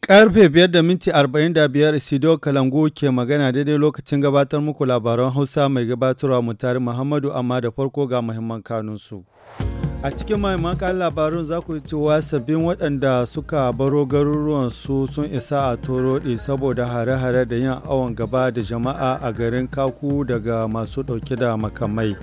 Karfe 5:45 da minti Kalangu ke magana daidai lokacin gabatar muku labaran Hausa mai gabatarwa mutari Muhammadu amma da farko ga muhimman kanunsu. A cikin mahimman labarun za ku cewa sabbin waɗanda suka baro garuruwan su sun isa a toroɗi saboda hare-hare da yin awon gaba da jama'a a garin Kaku daga masu ɗauke da makamai.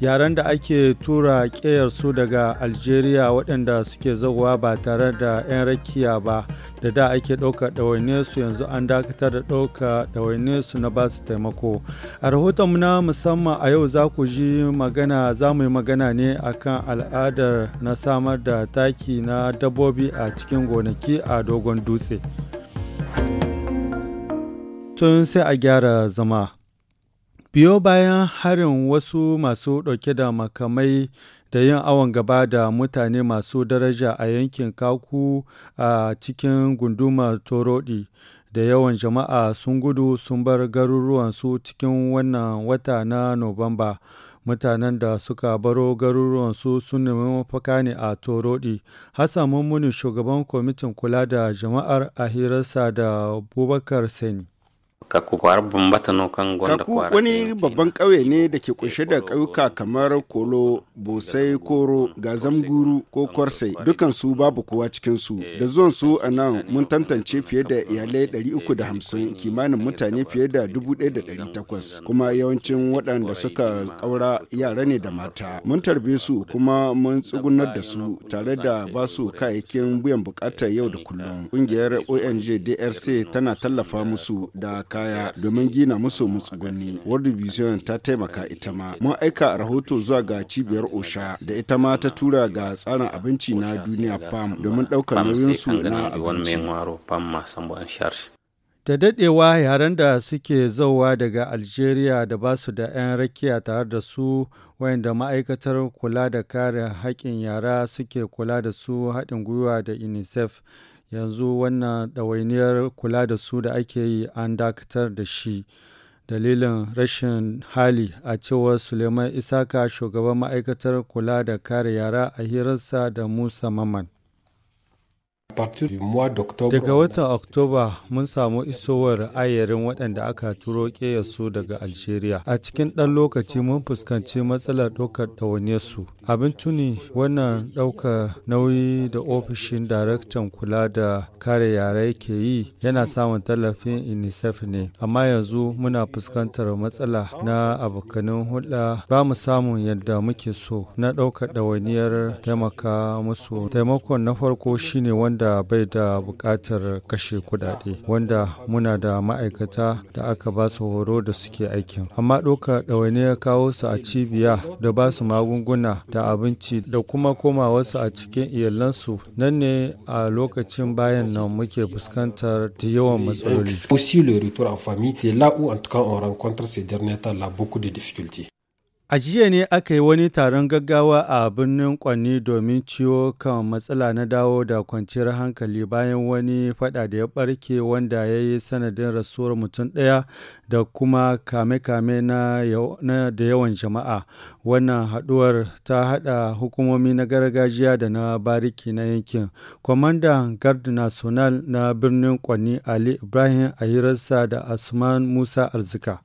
Yaren da ake tura su daga algeria waɗanda suke zagowa ba tare da 'yan rakiya ba da da ake ɗauka ɗawaine su yanzu an dakatar da ɗauka ɗawaine su na ba su taimako a rahoton na musamman a yau za ku ji magana za mu yi magana ne akan al'adar na samar da taki na dabbobi a cikin gonaki a dogon dutse tun sai a gyara zama Biyo bayan harin wasu masu ɗauke da makamai da yin awon gaba da mutane masu daraja a yankin Kaku a cikin gundumar Torodi, da yawan jama'a sun gudu sun bar garuruwansu cikin wannan wata na Nuwamba. Mutanen da suka baro garuruwansu sun nemi mafaka ne a Torodi. Hassan Mummuni shugaban kwamitin kula da jama'ar a hirarsa da Bubakar Sani. Kaku Kaku wani babban ƙauye ne da ke kunshe da ƙauyuka kamar Kolo, Bosai, Koro, Gazamguru ko kwarsai dukansu babu kowa cikinsu. Eh, da zuwan su eh, a nan eh, mun tantance fiye da iyalai 350 kimanin mutane fiye da 1,800 kuma yawancin waɗanda suka ƙaura yara ne da mata. Mun tarbe su kuma mun tsugunar da su tare da ba su kayayyakin biyan bukatar yau da kullum. Ƙungiyar ONG DRC tana tallafa musu da kaya domin gina musu mutsugunni World Vision ta taimaka ita ma. Mun aika rahoto zuwa ga cibiyar OSHA da ita ma ta tura ga tsarin abinci na duniya PAM domin ɗaukar nauyinsu na abinci. Da dadewa yaren da suke zauwa daga Algeria da ba su da 'yan rakiya tare da su wayanda ma'aikatar kula da kare haƙƙin yara suke kula da su haɗin gwiwa da UNICEF yanzu wannan ɗawainiyar kula da su da ake yi an dakatar da shi dalilin rashin hali a cewar suleiman isaka shugaban ma'aikatar kula da kare yara a hirarsa da musa maman Daga watan Oktoba mun samu isowar ayarin waɗanda aka turo su daga Algeria. A cikin ɗan lokaci mun fuskanci matsalar ɗaukar ɗawainiyarsu. Abin tuni wannan ɗaukar nauyi da ofishin daraktan kula da kare yare ke yi yana samun tallafin UNICEF ne. Amma yanzu muna fuskantar matsala na abokanin hulɗa ba mu samun yadda muke so na ɗaukar ɗawainiyar taimaka musu. Taimakon na farko shine wanda wanda bai da bukatar kashe kudade wanda muna da ma'aikata da aka ba su horo da suke aikin amma ɗauka ɗawainiyar kawo su a cibiya da ba su magunguna da abinci da kuma su a cikin iyalansu nan ne a lokacin bayan nan muke fuskantar da yawan matsaloli. Aussi le retour en famille, c'est là où A jiya ne aka yi wani taron gaggawa a birnin Kwanni domin ciwo kan matsala na dawo da kwanciyar hankali bayan wani fada da ya barke wanda ya yi sanadin rasuwar mutum ɗaya da kuma kame-kame na da yawan jama'a. Wannan haduwar ta haɗa hukumomi na gargajiya da na bariki na yankin. Kwamandan Gard National na birnin Kwanni Ali Ibrahim a da Asman Musa Arzika.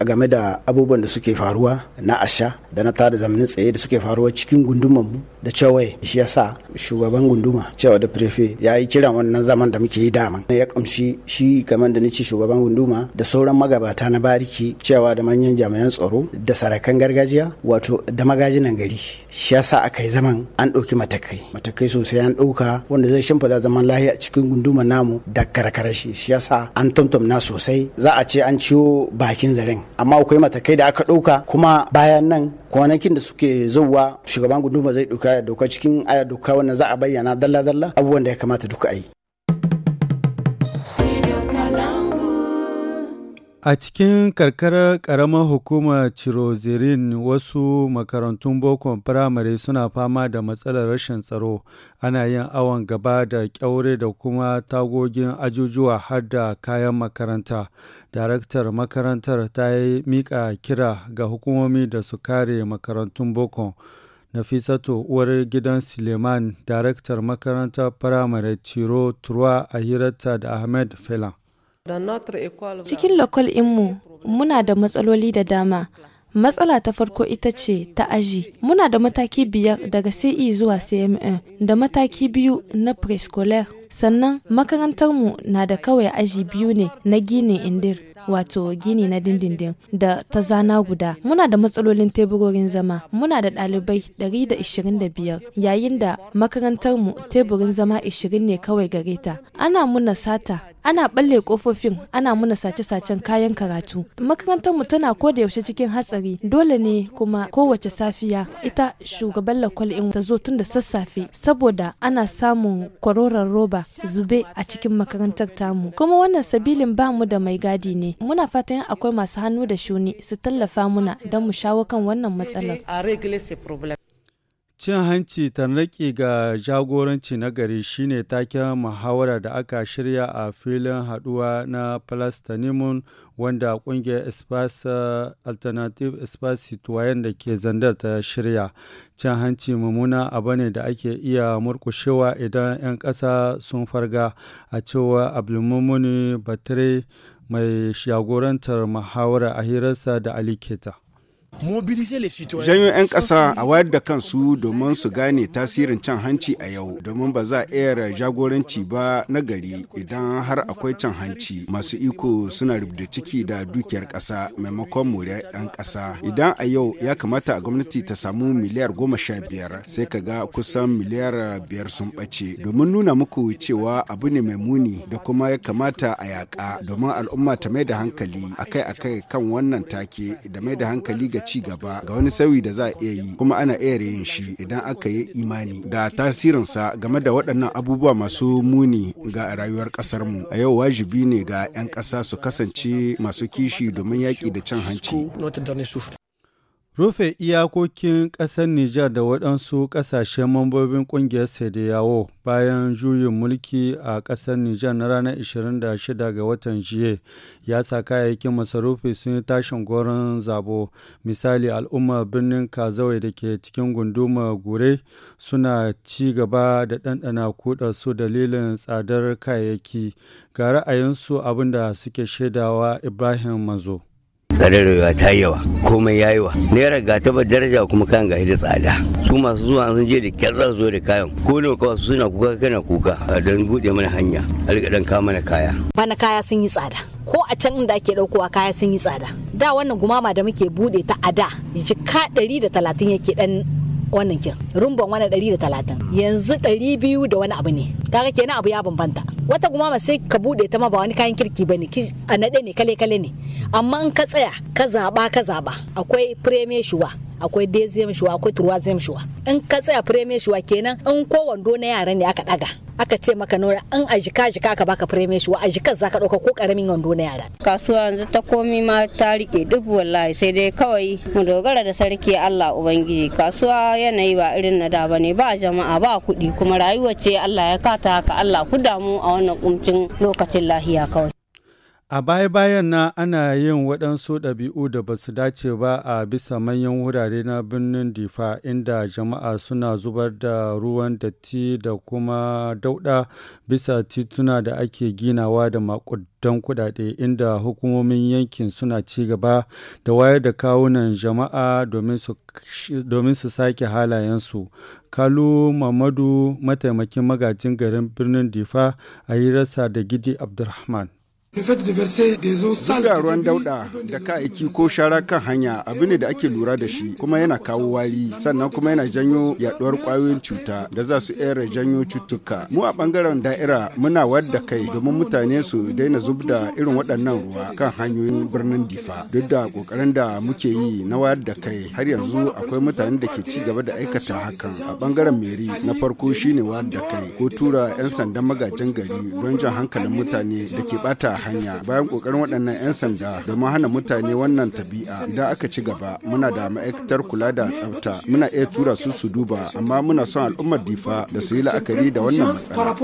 A game da abubuwan da suke faruwa na asha da na tada zamanin tsaye da suke faruwa cikin gundumanmu da cewa shi sa shugaban gunduma cewa da prefe ya yi kiran wannan zaman da muke yi daman ya kamshi shi kamar da nace shugaban gunduma da sauran magabata na bariki cewa da manyan jami'an tsaro da sarakan gargajiya wato da magajinan gari shi sa aka yi zaman an ɗauki matakai matakai sosai an ɗauka wanda zai shimfiɗa zaman lahiya cikin gunduma namu da karkarashi shi sa an na sosai za a ce an ciwo bakin zaren amma akwai matakai da aka ɗauka kuma bayan nan kwanakin da suke zauwa shugaban gunduma zai ɗauka doka cikin aya doka wannan za a bayyana dalla-dalla abubuwan da ya kamata duka a yi A cikin karkarar ƙaramar hukumar Cirozirin wasu makarantun bokon firamare suna fama da matsalar rashin tsaro, ana yin awon gaba da kyaure da kuma tagogin ajujuwa har da kayan makaranta. Daraktar makarantar ta yi mika kira ga hukumomi da su kare makarantun boko Nafisato uwar gidan Suleiman, daraktar makarantar firamare Ciro Turwa a hirarta da Ahmed Felan. Cikin lokal inmu muna da matsaloli da dama. Matsala ta farko ita ce ta aji. Muna da mataki biyar daga CE zuwa cmm e, da mataki biyu na preschooler sannan makarantarmu na da kawai aji biyu ne na gini indir wato gini na dindindin da ta zana guda muna da matsalolin teburorin zama muna da ɗalibai 125 yayin da makarantarmu teburin zama 20 ne kawai gare ta ana muna sata ana balle kofofin ana muna sace-sacen kayan karatu makarantarmu tana koda yaushe cikin hatsari dole ne kuma kowace safiya ita shugaban lakwal ta zo tun da sassafe saboda ana samun kwaroron roba ba zube a cikin makarantar tamu kuma wannan sabilin ba mu da mai gadi ne muna fatan akwai masu hannu da shuni su tallafa muna don mu shawo kan wannan matsalar Cin hanci tarnaƙi ga jagoranci na gari shine taken muhawara da aka shirya a filin haɗuwa na Palestinimun wanda ƙungiyar Espace Alternative Espace Citoyen da ke zandar ta shirya. Cin hanci mummuna abu ne da ake iya murkushewa idan 'yan ƙasa sun farga a cewa Abdulmumuni Batire mai jagorantar muhawara a hirarsa da Ali Keta. Janyo 'yan ƙasa a wayar da kansu domin su gane tasirin can hanci a yau domin ba za a iya jagoranci ba na gari idan har akwai can hanci masu iko suna rubuta ciki da dukiyar ƙasa maimakon moriyar 'yan ƙasa. Idan a yau ya kamata a gwamnati ta samu miliyar goma sha biyar sai ka ga kusan miliyar biyar sun bace domin nuna muku cewa abu ne mai muni da kuma ya kamata a yaƙa domin al'umma ta mai da hankali akai-akai kan wannan take da mai da hankali ga ga ci gaba ga wani sauyi da za a iya yi kuma ana iya yin shi idan aka yi imani da tasirinsa game da waɗannan abubuwa masu muni ga rayuwar ƙasar mu a yau wajibi ne ga 'yan ƙasa su kasance masu kishi domin yaƙi da cin hanci. Rufe iyakokin ƙasar Nijar da waɗansu ƙasashen mambobin ƙungiyar yawo bayan juyin mulki a ƙasar Nijar na ranar 26 ga watan jiye ya sa kayayyakin masarufi sun yi tashin goron zabo. Misali al'ummar birnin Kazawai da ke cikin gunduma gure suna ci gaba da ɗanɗana kuɗa su dalilin tsadar kayayyaki. Ga ra'ayinsu abin da suke shaidawa Ibrahim Mazo. tsare rayuwa ta yawa komai ya wa naira ga ta daraja kuma kayan ga da tsada su masu zuwa sun je da kyar zo da kayan ko ne kawai suna kuka kana kuka don buɗe mana hanya alƙadan ka mana kaya bana kaya sun yi tsada ko a can inda ake ɗaukowa kaya sun yi tsada da wannan gumama da muke buɗe ta a da jika ɗari da talatin yake ɗan wannan kin rumban wani ɗari da talatin yanzu ɗari biyu da wani abu ne kaga kenan abu ya bambanta wata gumama sai ka bude ta ma ba wani kayan kirki bane a naɗe ne kale kale ne amma in ka tsaya ka zaɓa ka zaɓa, akwai premier shuwa akwai dezem shuwa akwai turwazem shuwa in ka tsaya fireme shuwa kenan in ko wando na yara ne aka daga aka ce maka nora in a jika jika ka baka fireme shuwa a jikar zaka dauka ko karamin wando na yara kasuwa yanzu ta komi ma ta rike duk wallahi sai dai kawai mu dogara da sarki Allah ubangiji kasuwa yanayi ba irin na da bane ba jama'a ba kuɗi kuma rayuwa ce Allah ya kata haka Allah ku damu a wannan kumcin lokacin lahiya kawai A baya-bayan na ana yin waɗansu ɗabi'u da ba su dace ba a bisa manyan wurare na birnin Difa inda jama'a suna zubar da ruwan datti da kuma dauɗa bisa tituna da ake ginawa da makudan kuɗaɗe inda hukumomin yankin suna ci gaba da wayar da kawunan jama'a domin su sake halayensu. Kalu Mamadu mataimakin magajin garin birnin Difa a Rasa da Gidi Abdulrahman. Zuga ruwan dauda da ka aiki ko shara kan hanya abu ne da ake lura da shi kuma yana kawo wari sannan kuma yana janyo yaduwar kwayoyin cuta da za su iya janyo cutuka. Mu a bangaren da'ira muna wadda kai domin mutane su daina zub da irin waɗannan ruwa kan hanyoyin birnin Difa. Duk da kokarin da muke yi na wayar da kai har yanzu akwai mutane da ke ci gaba da aikata hakan. A bangaren Meri na farko shine wayar da kai ko tura 'yan sandan magajin gari don jan hankalin mutane da ke bata hanya bayan kokarin waɗannan 'yan sanda da ma hana mutane wannan tabi'a idan aka ci gaba muna da ma'aikatar kula da tsafta muna iya tura su su duba amma muna son al'ummar difa da su yi la'akari da wannan matsala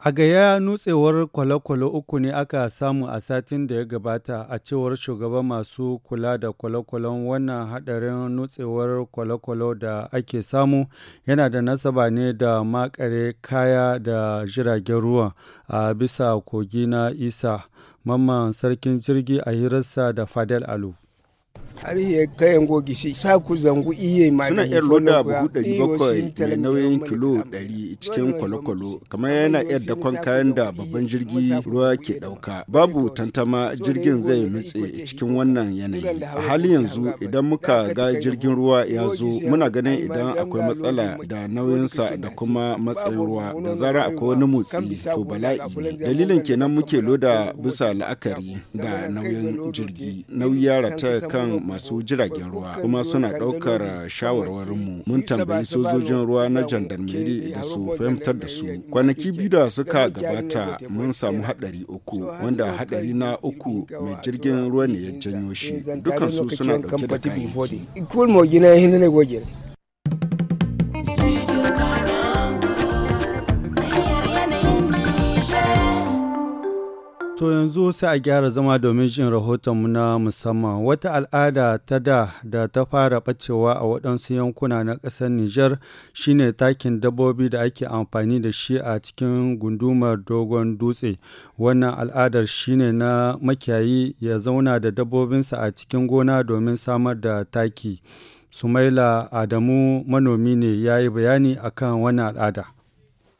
A Gaya nutsewar kwale uku ne aka samu a satin da ya gabata a cewar shugaba masu kula da kwale wannan hadarin nutsewar kwale da ake samu yana da nasaba ne da makare kaya da jiragen ruwa a bisa kogi na isa mamman sarkin jirgi a hirarsa da Fadel Alu. har ya kayan shi sa ku zangu iye ma suna 'yar loda buhu dari eh, bakwai mai nauyin kilo dari cikin kwalokwalo kamar yana 'yar dakon kayan da babban jirgi ruwa ke ɗauka eh, babu tantama jirgin zai nutse cikin wannan yanayi a halin yanzu idan muka ga jirgin ruwa ya zo muna ganin idan akwai matsala da nauyinsa da kuma matsayin ruwa da zara akwai wani motsi to bala'i dalilin kenan muke loda bisa la'akari da nauyin jirgi nauyi ya rata kan masu jiragen ruwa kuma suna ɗaukar shawarwarinmu mun tambayi sojojin ruwa na jandarmeri da su fahimtar da su kwanaki biyu da suka gabata mun samu haɗari uku wanda haɗari na uku mai jirgin ruwa ne ya janyo shi eh, dukansu suna ɗauke da kayayyaki To yanzu sai a gyara zama domin jin rahotonmu na musamman wata al'ada ta da da ta fara ɓacewa a waɗansu yankuna na ƙasar Nijar shine takin dabbobi da ake amfani da shi a cikin gundumar dogon dutse. Wannan al'adar shine na makiyayi ya zauna da dabbobinsa a cikin gona domin samar da taki. Sumaila Adamu manomi ne ya yi bayani akan wannan al'ada.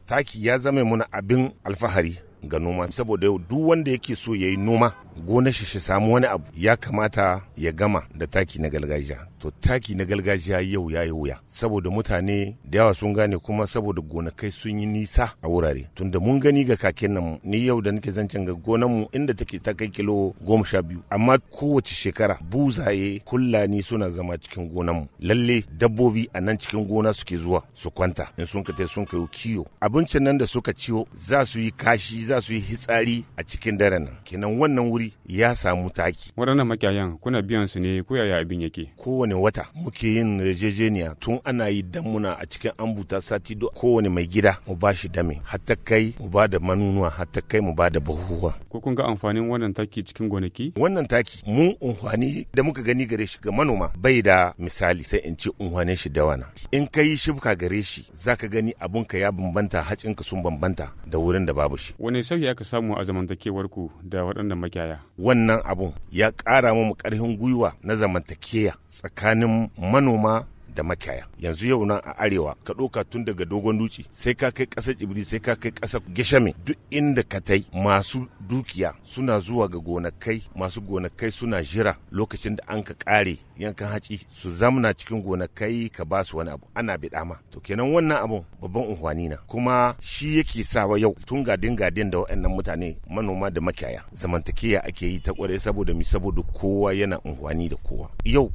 Taki ya zama mana abin alfahari ga noma saboda yau duk wanda yake so ya yi noma gona shi shi samu wani abu ya kamata ya gama da taki na gargajiya to taki na gargajiya yau ya yi wuya saboda mutane da yawa sun gane kuma saboda gonakai sun yi nisa a wurare tunda mun gani ga kakin nan ni yau da nake zancen ga gonar mu inda take ta kai kilo goma sha biyu amma kowace shekara buzaye kullani suna zama cikin gonan mu lalle dabbobi a nan cikin gona suke zuwa su kwanta in sun ka sun kai kiyo abincin nan da suka ciwo za su yi kashi za su yi hitsari a cikin daren nan kenan wannan wuri ya samu taki waɗannan makiyayan kuna biyan su ne ko yaya abin yake kowane wata muke yin rejejeniya tun ana yi damuna a cikin ambuta sati do kowane mai gida mu ba shi dame hatta kai mu ba da manunuwa hatta kai mu ba da buhuwa ko kun ga amfanin wannan taki cikin gonaki wannan taki mu unhwani da muka gani gare shi ga manoma bai da misali sai in ce unhwane shi da wana in kai shibka gare shi zaka gani abunka ya bambanta hacinka sun bambanta da wurin da babu shi wani sauyi aka samu a zamantakewar ku da waɗannan makiyaya wannan abun ya ƙara mu ƙarfin gwiwa na zamantakewa tsakanin manoma da makiyaya yanzu yau nan a arewa ka ɗauka tun daga dogon duci sai ka kai ƙasar tsibiri sai ka kai ƙasar gishami. duk inda ka tai masu dukiya suna zuwa ga gonakai masu gonakai suna jira lokacin da an ka ƙare yankan haci su zamna cikin gonakai ka ba su wani abu ana bi dama. to kenan wannan abun babban unhwani na kuma shi yake sawa yau tun gadin gadin da waɗannan mutane manoma da makiyaya zamantakeya ake yi ta ƙware saboda mi saboda kowa yana unhwani da kowa yau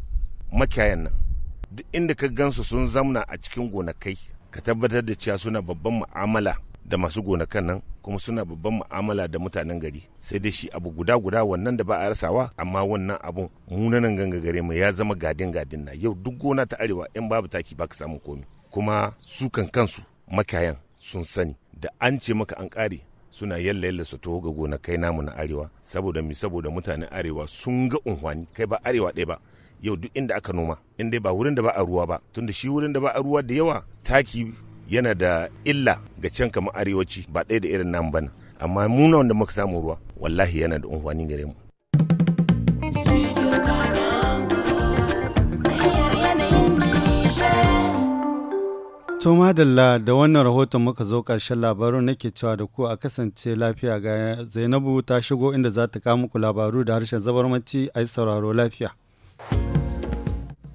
makiyayan nan duk inda ka gansu sun zamna a cikin gonakai ka tabbatar da cewa suna babban mu'amala da masu gonakan nan kuma suna babban mu'amala da mutanen gari sai dai shi abu guda guda wannan da ba a rasawa amma wannan abun munanan ganga gare mu ya zama gadin gadin na yau duk gona ta arewa in babu taki baka samu komi kuma su kan kansu makayan sun sani da an ce maka an kare suna yalla yalla su ga gonakai namu na arewa saboda mi saboda mutanen arewa sun ga unhwani kai ba arewa ɗaya ba yau duk inda aka noma in dai ba wurin da ba a ruwa ba tunda shi wurin da ba a ruwa da yawa taki yana da illa ga can kamar arewaci ba ɗaya da irin nan bana amma muna wanda muka samu ruwa wallahi yana da unhwani gare mu To madalla da wannan rahoton muka zo karshen labarun nake cewa da ku a kasance lafiya ga Zainabu ta shigo inda za ta kawo muku labaru da harshen zabarmaci a yi sauraro lafiya.